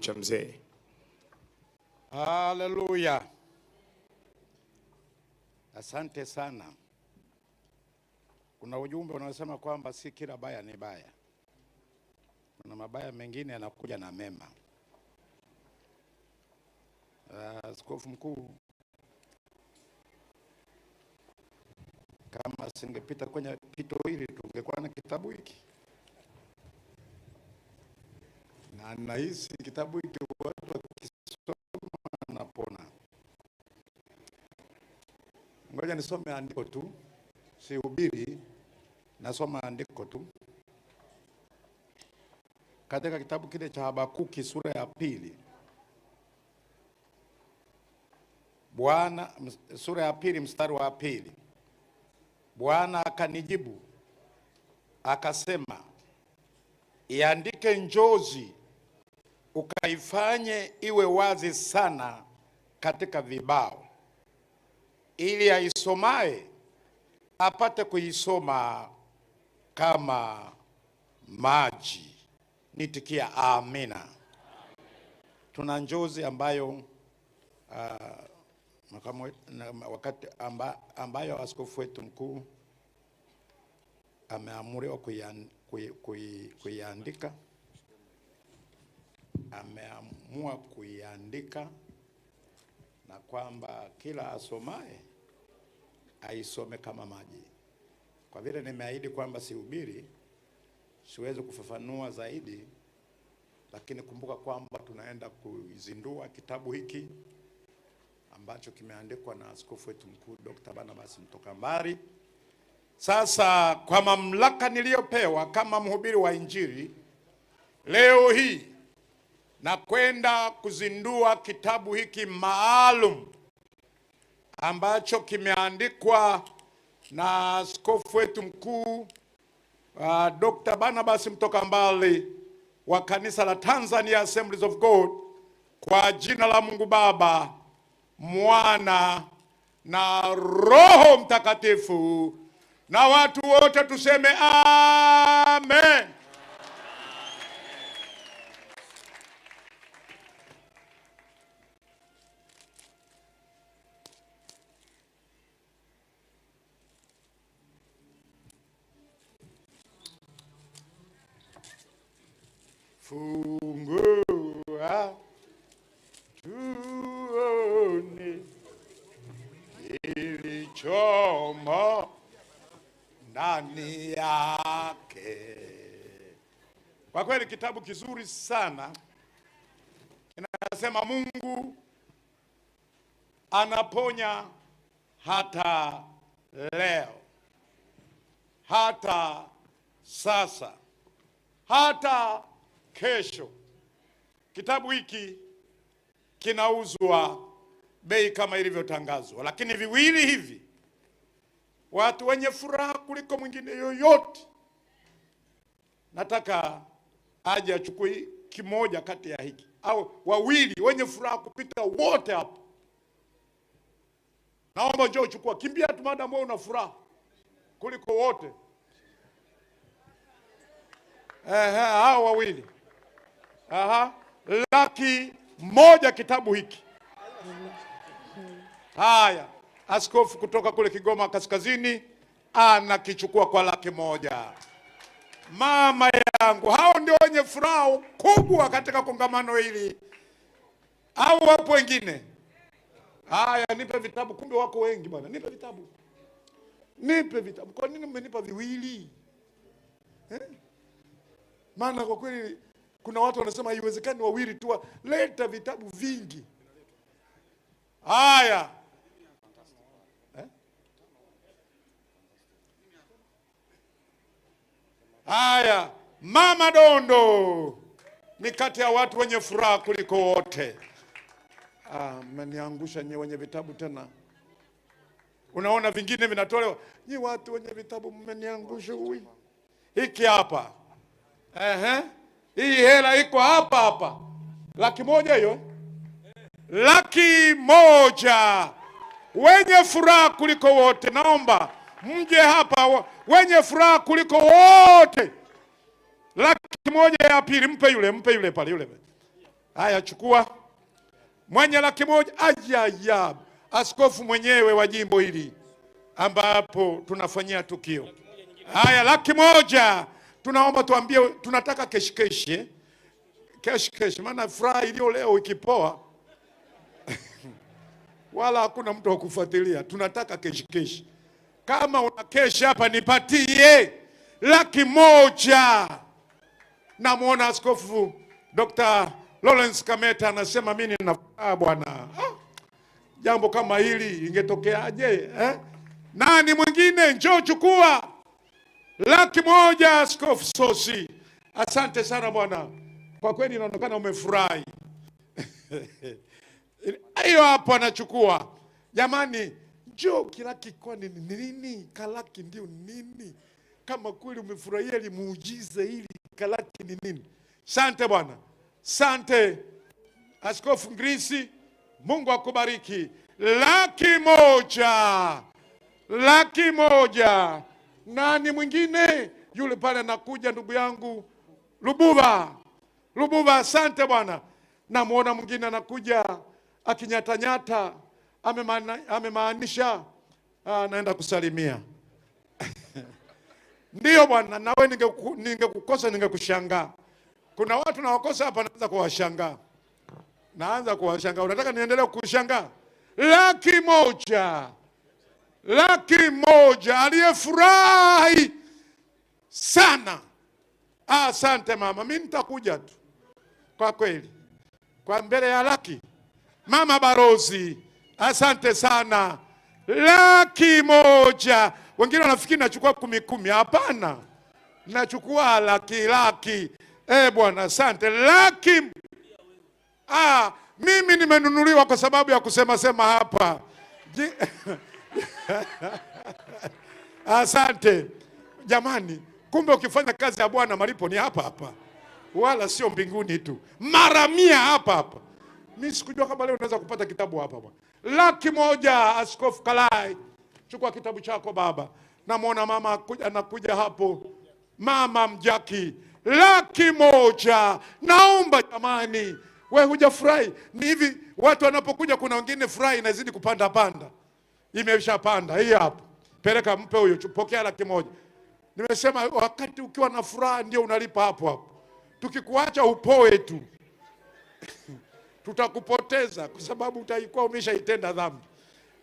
cha mzee. Haleluya, asante sana. Kuna ujumbe unaosema kwamba si kila baya ni baya, kuna mabaya mengine yanakuja na mema. Ah, askofu uh, mkuu, kama singepita kwenye pito hili tungekuwa na kitabu hiki anahisi kitabu hiki watu wakisoma anapona. Ngoja nisome andiko tu, sihubiri, nasoma andiko tu katika kitabu kile cha Habakuki sura ya pili Bwana, sura ya pili mstari wa pili. Bwana akanijibu akasema, iandike njozi ukaifanye iwe wazi sana katika vibao, ili aisomaye apate kuisoma kama maji. Nitikia amina. Tuna njozi ambayo uh, makamu, wakati amba, ambayo askofu wetu mkuu ameamuriwa kuiandika kui, kui, ameamua kuiandika na kwamba kila asomaye aisome kama maji. Kwa vile nimeahidi kwamba sihubiri, siwezi kufafanua zaidi, lakini kumbuka kwamba tunaenda kuzindua kitabu hiki ambacho kimeandikwa na askofu wetu mkuu Dr. Barnabas mbari Sasa kwa mamlaka niliyopewa kama mhubiri wa Injili leo hii na kwenda kuzindua kitabu hiki maalum ambacho kimeandikwa na askofu wetu mkuu uh, Dr. Barnabas Mtokambali wa kanisa la Tanzania Assemblies of God kwa jina la Mungu Baba, Mwana na Roho Mtakatifu, na watu wote tuseme amen. fungua tuone ndani yake. Kwa kweli kitabu kizuri sana kinasema Mungu anaponya hata leo, hata sasa, hata kesho. Kitabu hiki kinauzwa bei kama ilivyotangazwa, lakini viwili hivi watu wenye furaha kuliko mwingine yoyote, nataka aje achukue kimoja kati ya hiki au wawili wenye furaha kupita wote hapa. Naomba njoo chukua, kimbia tu madam, wewe una furaha kuliko wote. Ehe, hao wawili Aha, laki moja kitabu hiki. Haya, askofu kutoka kule Kigoma Kaskazini anakichukua kwa laki moja. Mama yangu, hao ndio wenye furaha kubwa katika kongamano hili, au wapo wengine? Haya, nipe vitabu. Kumbe wako wengi bwana, nipe vitabu, nipe vitabu. Kwa nini mmenipa viwili eh? Maana kwa kweli kuna watu wanasema haiwezekani wawili tu, leta vitabu vingi. Haya eh? Haya, Mama Dondo ni kati ya watu wenye furaha kuliko wote. Ah, meniangusha wenye vitabu tena. Unaona vingine vinatolewa, nyi watu wenye vitabu mmeniangusha. hiki hapa ehe hii hela iko hapa hapa, laki moja hiyo, laki moja. Wenye furaha kuliko wote, naomba mje hapa, wenye furaha kuliko wote. Laki moja ya pili, mpe yule, mpe yule pale, yule. Haya, chukua mwenye laki moja. Ayaya, askofu mwenyewe wa jimbo hili ambapo tunafanyia tukio. Haya, laki moja tunaomba tuambie, tunataka keshikeshi keshikeshi, eh? maana furaha iliyo leo ikipoa wala hakuna mtu wa kufuatilia. Tunataka keshikeshi. Kama una keshi hapa, nipatie laki moja. Namwona Askofu Dr. Lawrence Kameta anasema mimi nina furaha bwana. Ah, jambo kama hili ingetokeaje eh? Nani mwingine, njoo chukua laki moja, Askofu Sosi. Asante sana bwana, kwa kweli inaonekana umefurahi. Hiyo hapo anachukua. Jamani, njoo kilaki, kwani ni nini kalaki? Ndio nini? Kama kweli umefurahia limuujiza hili, kalaki ni nini? Sante bwana, sante Askofu Ngrisi, Mungu akubariki. Laki moja, laki moja nani mwingine? Yule pale anakuja ndugu yangu Lubuva. Lubuva, asante bwana. Namwona mwingine anakuja akinyatanyata, amemaanisha anaenda ah, kusalimia Ndiyo bwana, nawe ningekukosa ninge ningekushangaa. Kuna watu nawakosa hapa, naanza kuwashangaa, naanza kuwashangaa. Unataka niendelee kushangaa Laki moja laki moja aliyefurahi sana. Ah, asante mama, mi nitakuja tu kwa kweli, kwa mbele ya laki. Mama Barozi, asante sana. Laki moja. Wengine wanafikiri nachukua kumi kumi, hapana, nachukua laki laki. Eh bwana, asante laki. Ah, mimi nimenunuliwa kwa sababu ya kusema sema hapa Asante jamani, kumbe ukifanya kazi ya Bwana malipo ni hapa hapa, wala sio mbinguni tu, mara mia hapa hapa. Mimi sikujua kama leo unaweza kupata kitabu hapa bwana. Laki moja, Askofu Kalai, chukua kitabu chako baba. Namwona mama anakuja hapo, mama Mjaki, laki moja. Naomba jamani, we hujafurahi? Ni hivi watu wanapokuja, kuna wengine furahi inazidi kupanda panda imeshapanda hii hapa, peleka, mpe huyo, pokea laki moja. Nimesema wakati ukiwa na furaha ndio unalipa hapo hapo, tukikuacha upoe tu tutakupoteza kwa sababu utaikuwa umeshaitenda dhambi.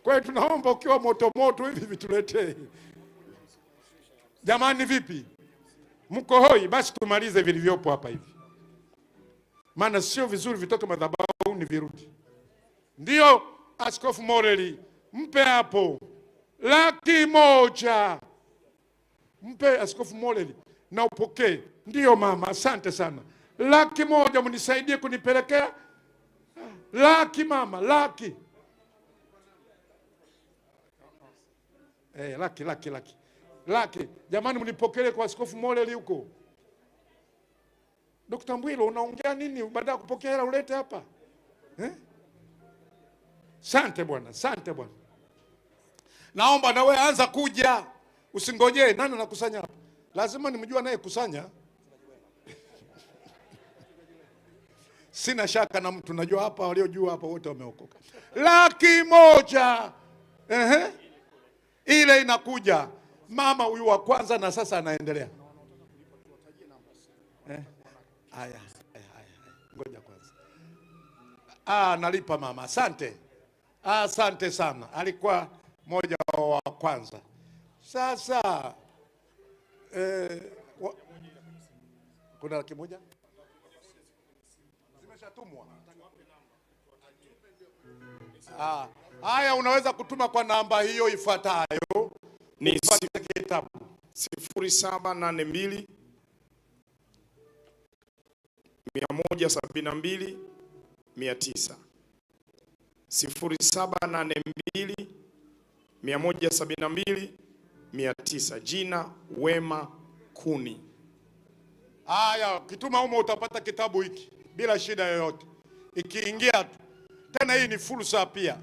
Kwa hiyo tunaomba ukiwa moto hivi vituletee. Jamani, vipi mko hoi? Basi tumalize vilivyopo hapa hivi, maana sio vizuri vitoke ni virudi. ndio Askofu Moreli mpe hapo laki moja, mpe Askofu Moleli na upokee. Ndiyo mama, asante sana. Laki moja mnisaidie kunipelekea laki mama, laki eh, laki laki laki laki. Jamani, mnipokelee kwa Askofu Moleli huko. Dokta Mbwilo, unaongea nini? Baada ya kupokea hela ulete hapa eh? Sante bwana, sante bwana. Naomba na wewe anza kuja, usingojee nani anakusanya hapa. Lazima nimjua anayekusanya. Sina shaka na mtu, najua hapa waliojua hapa wote wameokoka. Laki moja ehe, ile inakuja mama huyu wa kwanza, na sasa anaendelea. Eh, haya eh, ngoja kwanza. Ah, nalipa mama, asante, asante sana, alikuwa moja wa kwanza. Sasa eh, wa, kuna laki moja zimeshatumwa. Ah, haya unaweza kutuma kwa namba hiyo ifuatayo ni kitabu 0782 172 900 0782 172 jina Wema Kuni. Haya, ukituma humo utapata kitabu hiki bila shida yoyote, ikiingia tu. Tena hii ni fursa pia,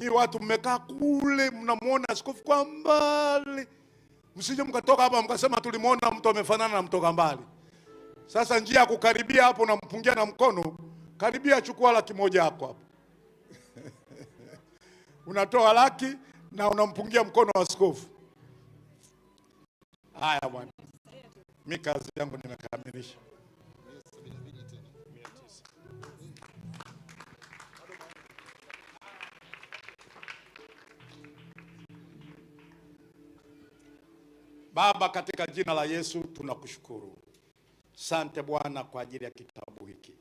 hii watu mmekaa kule, mnamwona askofu kwa mbali, msije mkatoka hapa mkasema tulimwona mtu amefanana na mtoka mbali. Sasa njia ya kukaribia hapo, nampungia na mkono, karibia, chukua laki moja hapo hapo unatoa laki na unampungia mkono wa askofu. Haya bwana, mi kazi yangu nimekamilisha. Baba, katika jina la Yesu tunakushukuru. Sante Bwana kwa ajili ya kitabu hiki.